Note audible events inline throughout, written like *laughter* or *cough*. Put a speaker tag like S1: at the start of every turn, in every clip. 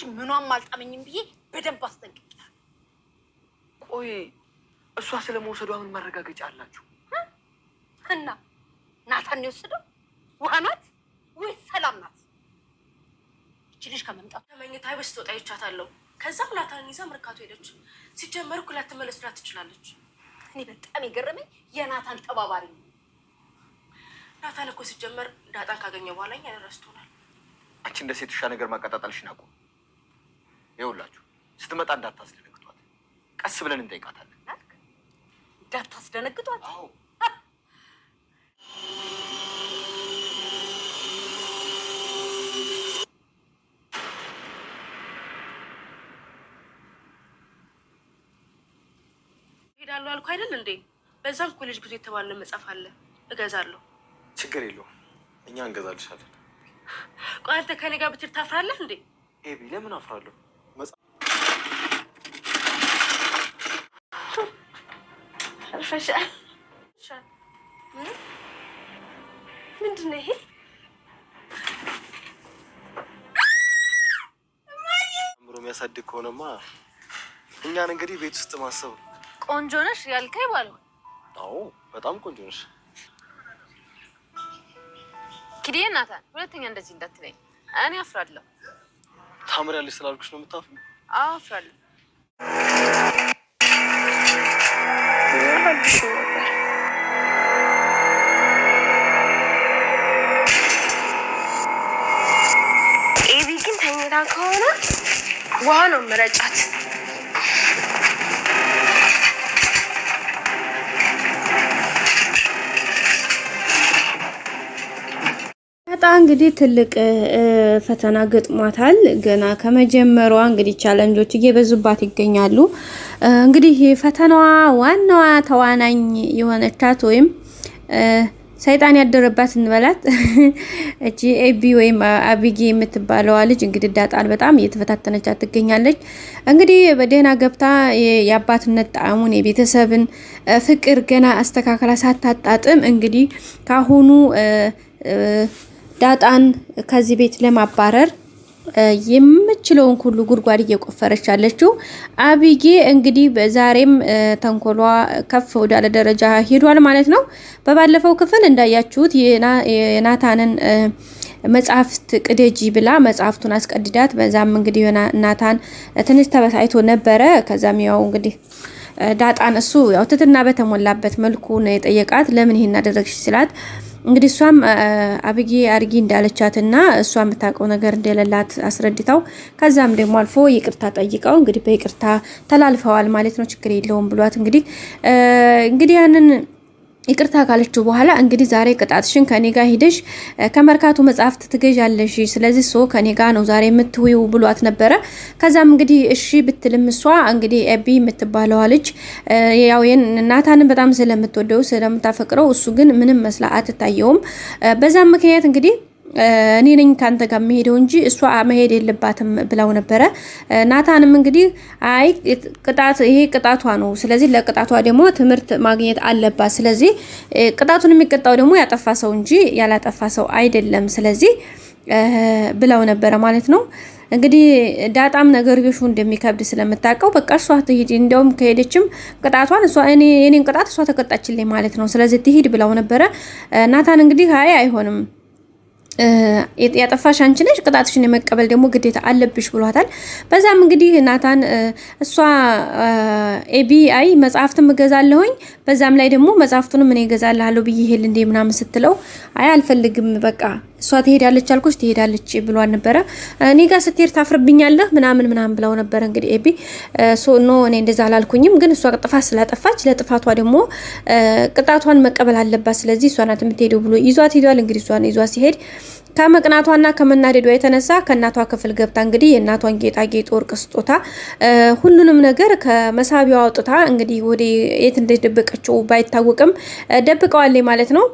S1: ልጅ ምኗም አልጣመኝም ብዬ በደንብ አስጠንቅቅላል።
S2: ቆይ እሷ ስለ መውሰዷ ምን ማረጋገጫ አላችሁ?
S1: እና ናታን የወሰደው ውሃ ናት ወይስ ሰላም ናት? እች ልጅ ከመምጣቱ ከመኝታ በስት ወጣ ይቻታለሁ። ከዛ ናታን ይዛ መርካቶ ሄደች። ሲጀመር እኮ ላትመለስ ላት ትችላለች። እኔ በጣም የገረመኝ የናታን ተባባሪ ነው። ናታን እኮ ሲጀመር ዳጣን ካገኘ በኋላ ያደረስትሆናል። ረስቶናል።
S2: አንቺ እንደ ሴት ውሻ ነገር ማቀጣጠልሽን ናቁም ይኸውላችሁ ስትመጣ እንዳታስደነግጧት፣ ቀስ ብለን እንጠይቃታለን።
S1: እንዳታስደነግጧት። ሄዳለሁ አልኩ አይደል እንዴ? በዛም ኮሌጅ ጉዞ የተባለ መጽሐፍ አለ፣ እገዛለሁ።
S2: ችግር የለውም እኛ እንገዛልሻለን።
S1: ቆይ አንተ ከኔ ጋር ብትል ታፍራለህ እንዴ?
S2: ኤቢ ለምን አፍራለሁ? ምንድን ነው ይሄ? የሚያሳድግ ከሆነማ እኛን እንግዲህ ቤት ውስጥ ማሰብ
S1: ቆንጆ ነሽ ያልከኝ ባለው።
S2: አዎ በጣም ቆንጆ ነሽ
S1: ኪድዬ። ናታን ሁለተኛ እንደዚህ እንዳትለኝ፣ እኔ አፍራለሁ።
S2: ታምሪያለሽ ስላልኩሽ ነው የምታፍሪው?
S1: አዎ አፍራለሁ። አልወድሽም ነበር። ኤቢ ግን ተኝታ ከሆነ ውሃ ነው መረጫት?
S3: ዳጣ እንግዲህ ትልቅ ፈተና ገጥሟታል። ገና ከመጀመሯ እንግዲህ ቻለንጆች እየበዙባት ይገኛሉ። እንግዲህ ፈተናዋ ዋናዋ ተዋናኝ የሆነቻት ወይም ሰይጣን ያደረባት እንበላት *laughs* እቺ ኤቢ ወይም አቢጌ የምትባለዋ ልጅ እንግዲህ ዳጣን በጣም እየተፈታተነቻት ትገኛለች። እንግዲህ በደህና ገብታ የአባትነት ጣዕሙን የቤተሰብን ፍቅር ገና አስተካከላ ሳታጣጥም እንግዲህ ካሁኑ ዳጣን ከዚህ ቤት ለማባረር የምችለውን ሁሉ ጉድጓድ እየቆፈረች ያለችው አቢጌ እንግዲህ በዛሬም ተንኮሏ ከፍ ወዳለ ደረጃ ሄዷል ማለት ነው። በባለፈው ክፍል እንዳያችሁት የናታንን መጽሐፍት ቅደጂ ብላ መጽሐፍቱን አስቀድዳት። በዛም እንግዲህ ናታን ትንሽ ተበሳይቶ ነበረ። ከዛም ያው እንግዲህ ዳጣን እሱ ያው ትትና በተሞላበት መልኩ ነው የጠየቃት። ለምን ይሄን አደረግሽ ስላት እንግዲህ እሷም አብጌ እንዳለቻት እንዳለቻትና እሷ የምታውቀው ነገር እንደሌላት አስረድተው ከዛም ደግሞ አልፎ ይቅርታ ጠይቀው እንግዲህ በይቅርታ ተላልፈዋል ማለት ነው። ችግር የለውም ብሏት እንግዲህ እንግዲህ ያንን ይቅርታ ካለችው በኋላ እንግዲህ ዛሬ ቅጣትሽን ከኔ ጋር ሂደሽ ከመርካቶ መጽሐፍት ትገዣለሽ፣ ስለዚህ ሶ ከኔ ጋር ነው ዛሬ የምትውይው ብሏት ነበረ። ከዛም እንግዲህ እሺ ብትልም እሷ እንግዲህ ኤቢ የምትባለዋ ልጅ ያው ናታንን በጣም ስለምትወደው ስለምታፈቅረው፣ እሱ ግን ምንም መስላ አትታየውም። በዛም ምክንያት እንግዲህ እኔ ነኝ ካንተ ጋር መሄደው እንጂ እሷ መሄድ የለባትም ብለው ነበረ። ናታንም እንግዲህ አይ ቅጣት ይሄ ቅጣቷ ነው፣ ስለዚህ ለቅጣቷ ደግሞ ትምህርት ማግኘት አለባት። ስለዚህ ቅጣቱን የሚቀጣው ደግሞ ያጠፋ ሰው እንጂ ያላጠፋ ሰው አይደለም። ስለዚህ ብለው ነበረ ማለት ነው። እንግዲህ ዳጣም ነገርዮሹ እንደሚከብድ ስለምታውቀው በቃ እሷ ትሂድ፣ እንደውም ከሄደችም ቅጣቷን እሷ እኔ እኔን ቅጣት እሷ ተቀጣችልኝ ማለት ነው። ስለዚህ ትሂድ ብለው ነበረ። ናታን እንግዲህ አይ አይሆንም ያጠፋሽ አንቺ ነሽ፣ ቅጣትሽን የመቀበል ደግሞ ግዴታ አለብሽ ብሏታል። በዛም እንግዲህ ናታን እሷ ኤቢአይ መጽሐፍትም እገዛለሁኝ በዛም ላይ ደግሞ መጽሐፍቱንም እኔ እገዛልሃለሁ ብዬ ሄል እንዴ ምናምን ስትለው አይ አልፈልግም፣ በቃ እሷ ትሄዳለች አልኩሽ ትሄዳለች ብሏል ነበረ። እኔ ጋር ስትሄድ ታፍርብኛለህ ምናምን ምናምን ብለው ነበረ። እንግዲህ ኤቢ ሶ ኖ እኔ እንደዛ አላልኩኝም፣ ግን እሷ ጥፋት ስላጠፋች ለጥፋቷ ደግሞ ቅጣቷን መቀበል አለባት። ስለዚህ እሷ ናት የምትሄደው ብሎ ይዟት ሄዷል። እንግዲህ እሷ ይዟት ሲሄድ ከመቅናቷና ከመናደዷ የተነሳ ከእናቷ ክፍል ገብታ እንግዲህ የእናቷን ጌጣጌጥ ወርቅ ስጦታ ሁሉንም ነገር ከመሳቢያዋ አውጥታ እንግዲህ ወደ የት እንደደበቀችው ባይታወቅም ደብቀዋል ማለት ነው።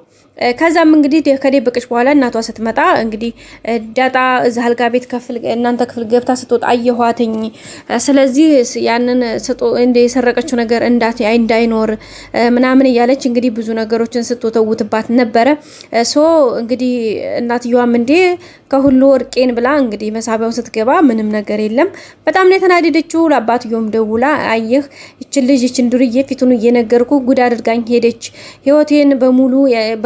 S3: ከዛም እንግዲህ ከደበቀች በኋላ እናቷ ስትመጣ እንግዲህ ዳጣ እዛ አልጋ ቤት ከፍል እናንተ ክፍል ገብታ ስትወጣ አየኋትኝ። ስለዚህ ያንን ስጦ እንደ የሰረቀችው ነገር እንዳት እንዳይኖር ምናምን እያለች እንግዲህ ብዙ ነገሮችን ስትወተውትባት ነበረ። ሶ እንግዲህ እናትየዋም እንዴ ከሁሉ ወርቄን ብላ እንግዲህ መሳቢያው ስትገባ ምንም ነገር የለም። በጣም ነው የተናደደችው። ለአባትዮም ደውላ አየህ ይችን ልጅ ይችን ዱርዬ ፊቱን እየነገርኩ ጉድ አድርጋኝ ሄደች፣ ህይወቴን በሙሉ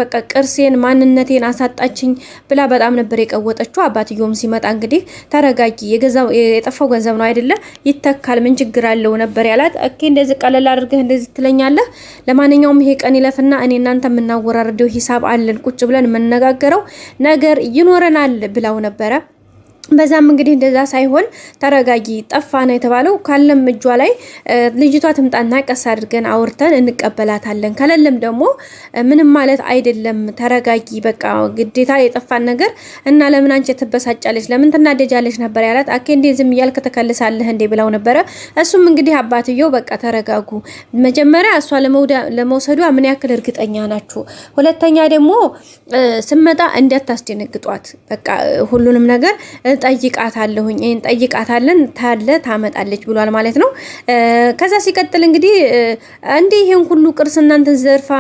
S3: በቃ ቅርሴን፣ ማንነቴን አሳጣችኝ ብላ በጣም ነበር የቀወጠችው። አባትዮም ሲመጣ እንግዲህ ተረጋጊ፣ የጠፋው ገንዘብ ነው አይደለ ይተካል፣ ምን ችግር አለው ነበር ያላት። ኦኬ እንደዚህ ቀለል አድርገህ እንደዚህ ትለኛለህ። ለማንኛውም ይሄ ቀን ይለፍና እኔ እናንተ የምናወራርደው ሂሳብ አለን ቁጭ ብለን የምንነጋገረው ነገር ይኖረናል ብለው ነበረ። በዛም እንግዲህ እንደዛ ሳይሆን ተረጋጊ፣ ጠፋ ነው የተባለው። ካለም እጇ ላይ ልጅቷ ትምጣና ቀስ አድርገን አውርተን እንቀበላታለን። ከሌለም ደግሞ ምንም ማለት አይደለም። ተረጋጊ፣ በቃ ግዴታ የጠፋን ነገር እና ለምን አንቺ ትበሳጫለች፣ ለምን ትናደጃለች ነበር ያላት። አኬ እንዴ ዝም እያልክ ትከልሳለህ እንዴ ብለው ነበረ። እሱም እንግዲህ አባትየው በቃ ተረጋጉ፣ መጀመሪያ እሷ ለመውሰዷ ምን ያክል እርግጠኛ ናችሁ? ሁለተኛ ደግሞ ስመጣ እንዳታስደነግጧት፣ በቃ ሁሉንም ነገር እጠይቃታለሁኝ ይህን ጠይቃታለን ታለ ታመጣለች ብሏል ማለት ነው። ከዛ ሲቀጥል እንግዲህ እንዲህ ይህን ሁሉ ቅርስ እናንተን ዘርፋ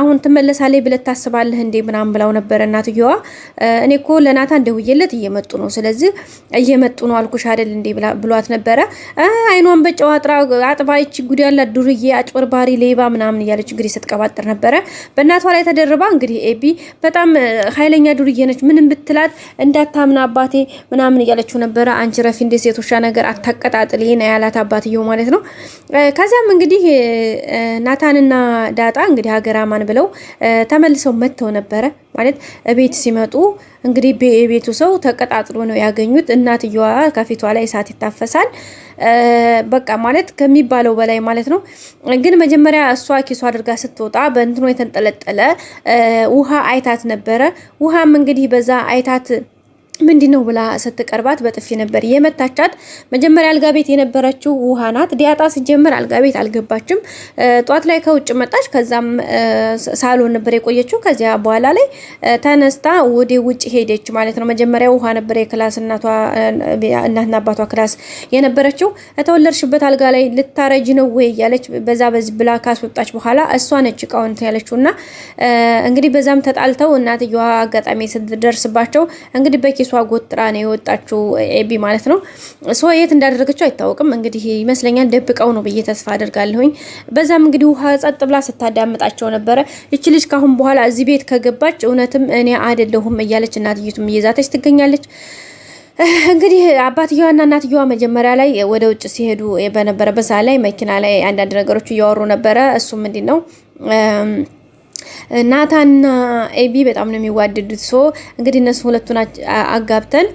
S3: አሁን ትመለሳለች ብለት ታስባለህ እንዴ ምናምን ብላው ነበረ እናትየዋ። እኔ እኮ ለናታ እንደውዬለት እየመጡ ነው፣ ስለዚህ እየመጡ ነው አልኩሽ አይደል እንዴ ብሏት ነበረ። አይኗን በጨው አጥባ ይቺ ጉድ ያላት ዱርዬ፣ አጭበርባሪ፣ ሌባ ምናምን እያለች እንግዲህ ስትቀባጥር ነበረ በእናቷ ላይ ተደርባ። እንግዲህ ኤቢ በጣም ኃይለኛ ዱርዬ ነች። ምንም ብትላት እንዳታምና አባቴ ምናምን እያለችው ነበረ። አንቺ ረፊ እንደ ሴቶሻ ነገር አታቀጣጥል ና ያላት አባትየው ማለት ነው። ከዚያም እንግዲህ ናታንና ዳጣ እንግዲህ ሀገር አማን ብለው ተመልሰው መጥተው ነበረ ማለት ቤት ሲመጡ እንግዲህ የቤቱ ሰው ተቀጣጥሎ ነው ያገኙት። እናትየዋ ከፊቷ ላይ እሳት ይታፈሳል። በቃ ማለት ከሚባለው በላይ ማለት ነው። ግን መጀመሪያ እሷ ኪሱ አድርጋ ስትወጣ በእንትኖ የተንጠለጠለ ውሃ አይታት ነበረ። ውሃም እንግዲህ በዛ አይታት ምንድን ነው ብላ ስትቀርባት በጥፊ ነበር የመታቻት። መጀመሪያ አልጋ ቤት የነበረችው ውሃ ናት። ዲያጣ ሲጀምር አልጋ ቤት አልገባችም። ጧት ላይ ከውጭ መጣች። ከዛም ሳሎን ነበር የቆየችው። ከዚያ በኋላ ላይ ተነስታ ወደ ውጭ ሄደች ማለት ነው። መጀመሪያ ውሃ ነበር የክላስ እናትና አባቷ ክላስ የነበረችው። የተወለድሽበት አልጋ ላይ ልታረጅ ነው ወይ እያለች በዛ በዚህ ብላ ካስወጣች በኋላ እሷ ነች እቃውን ያለችው እና እንግዲህ በዛም ተጣልተው እናትየዋ አጋጣሚ ስትደርስባቸው እንግዲህ በኪ ሷ ጎጥራ ነው የወጣችው ኤቢ ማለት ነው። ሶ የት እንዳደረገችው አይታወቅም። እንግዲህ ይመስለኛል ደብቀው ነው ብዬ ተስፋ አደርጋለሁኝ። በዛም እንግዲህ ውሃ ጸጥ ብላ ስታዳምጣቸው ነበረ። ይቺ ልጅ ካሁን በኋላ እዚህ ቤት ከገባች እውነትም እኔ አይደለሁም እያለች እናትዩቱም እየዛተች ትገኛለች። እንግዲህ አባትየዋና እናትየዋ መጀመሪያ ላይ ወደ ውጭ ሲሄዱ በነበረበት ሰዓት ላይ መኪና ላይ አንዳንድ ነገሮች እያወሩ ነበረ። እሱም ምንድን ነው ናታንና ኤቢ በጣም ነው የሚዋደዱት። ሶ እንግዲህ እነሱ ሁለቱን አጋብተን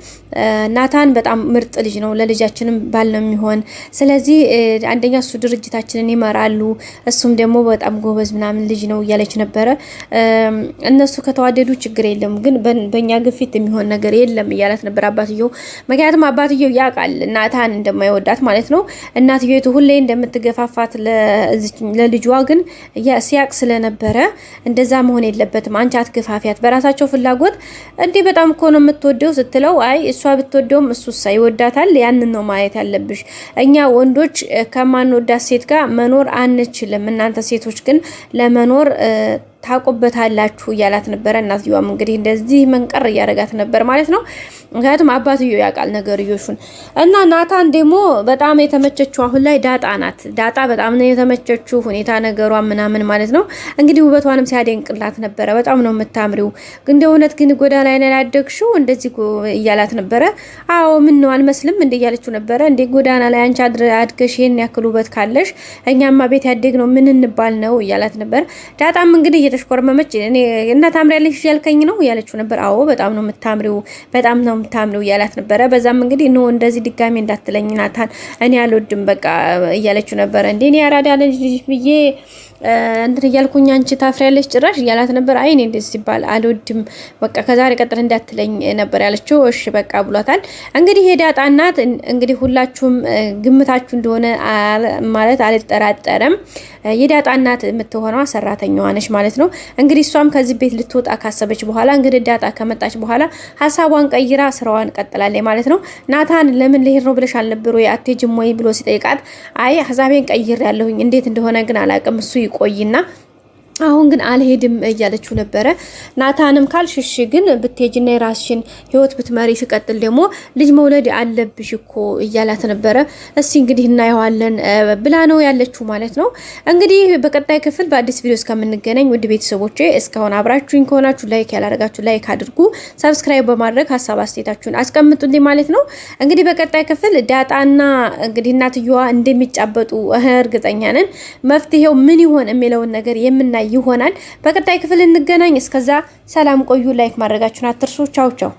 S3: ናታን በጣም ምርጥ ልጅ ነው፣ ለልጃችንም ባል ነው የሚሆን። ስለዚህ አንደኛ እሱ ድርጅታችንን ይመራሉ፣ እሱም ደግሞ በጣም ጎበዝ ምናምን ልጅ ነው እያለች ነበረ። እነሱ ከተዋደዱ ችግር የለም ግን በእኛ ግፊት የሚሆን ነገር የለም እያላት ነበር አባትየው። ምክንያቱም አባትየው ያውቃል ናታን እንደማይወዳት ማለት ነው። እናትየቱ ሁሌ እንደምትገፋፋት ለልጇ ግን ሲያቅ ስለነበረ እንደዛ መሆን የለበትም። አንቺ አትገፋፊያት። በራሳቸው ፍላጎት እንዲ በጣም እኮ ነው የምትወደው ስትለው፣ አይ እሷ ብትወደውም እሱሳ ይወዳታል። ያንን ነው ማየት ያለብሽ። እኛ ወንዶች ከማንወዳት ሴት ጋር መኖር አንችልም። እናንተ ሴቶች ግን ለመኖር ታውቁበታላችሁ እያላት ነበረ። እናትየዋም እንግዲህ እንደዚህ መንቀር እያደረጋት ነበር ማለት ነው። ምክንያቱም አባትዮ ያውቃል ነገርዮሹን። እና ናታን ደግሞ በጣም የተመቸችው አሁን ላይ ዳጣ ናት። ዳጣ በጣም ነው የተመቸችው ሁኔታ ነገሯ ምናምን ማለት ነው። እንግዲህ ውበቷንም ሲያደንቅላት ነበረ። በጣም ነው የምታምሪው፣ እንደ እውነት ግን ጎዳና ላይ ያደግሽው እንደዚህ እያላት ነበረ። አዎ ምን ነው አልመስልም እንደ እያለችው ነበረ። እንደ ጎዳና ላይ አንቺ አድገሽ ይሄን ያክል ውበት ካለሽ እኛማ ቤት ያደግ ነው ምን እንባል ነው እያላት ነበር። ዳጣም እንግዲህ እየተሽኮረመመች እኔ እና ያለሽ እያልከኝ ነው ያለችው ነበር። አዎ በጣም ነው የምታምሪው፣ በጣም ነው የምታምሪው እያላት ነበረ። በዛም እንግዲህ ኖ እንደዚህ ድጋሚ እንዳትለኝ ናታን፣ እኔ አልወድም በቃ እያለችው ነበረ። እንዴ እኔ አራዳ ልጅ ብዬ እንትን እያልኩኝ አንቺ ታፍሪያለሽ ጭራሽ እያላት ነበር። አይ እኔ እንደዚህ ሲባል አልወድም በቃ ከዛሬ ቀጥል እንዳትለኝ ነበር ያለችው። እሺ በቃ ብሏታል። እንግዲህ የዳጣ እናት እንግዲህ ሁላችሁም ግምታችሁ እንደሆነ ማለት አልጠራጠረም። የዳጣ እናት የምትሆነው ሰራተኛዋ ነች ማለት ነው። ነው። እንግዲህ እሷም ከዚህ ቤት ልትወጣ ካሰበች በኋላ እንግዲህ ዳጣ ከመጣች በኋላ ሀሳቧን ቀይራ ስራዋን ቀጥላለች ማለት ነው። ናታን ለምን ልሄድ ነው ብለሽ አልነበሩ አትሄጂም ወይ ብሎ ሲጠይቃት አይ ሀሳቤን ቀይር ያለሁኝ እንዴት እንደሆነ ግን አላውቅም እሱ ይቆይና አሁን ግን አልሄድም እያለችው ነበረ። ናታንም ካልሽሽ ግን ብትሄጅና የራስሽን ህይወት ብትመሪ፣ ሲቀጥል ደግሞ ልጅ መውለድ አለብሽ እኮ እያላት ነበረ። እስቲ እንግዲህ እናየዋለን ብላ ነው ያለችው ማለት ነው። እንግዲህ በቀጣይ ክፍል በአዲስ ቪዲዮ እስከምንገናኝ ውድ ቤተሰቦቼ፣ እስካሁን አብራችሁኝ ከሆናችሁ ላይክ ያላረጋችሁ ላይክ አድርጉ፣ ሰብስክራይብ በማድረግ ሀሳብ አስተያየታችሁን አስቀምጡልኝ ማለት ነው። እንግዲህ በቀጣይ ክፍል ዳጣና እንግዲህ እናትየዋ እንደሚጫበጡ እርግጠኛ ነን። መፍትሄው ምን ይሆን የሚለውን ነገር የምናይ ይሆናል። በቀጣይ ክፍል እንገናኝ። እስከዛ ሰላም ቆዩ። ላይክ ማድረጋችሁን አትርሱ። ቻው ቻው።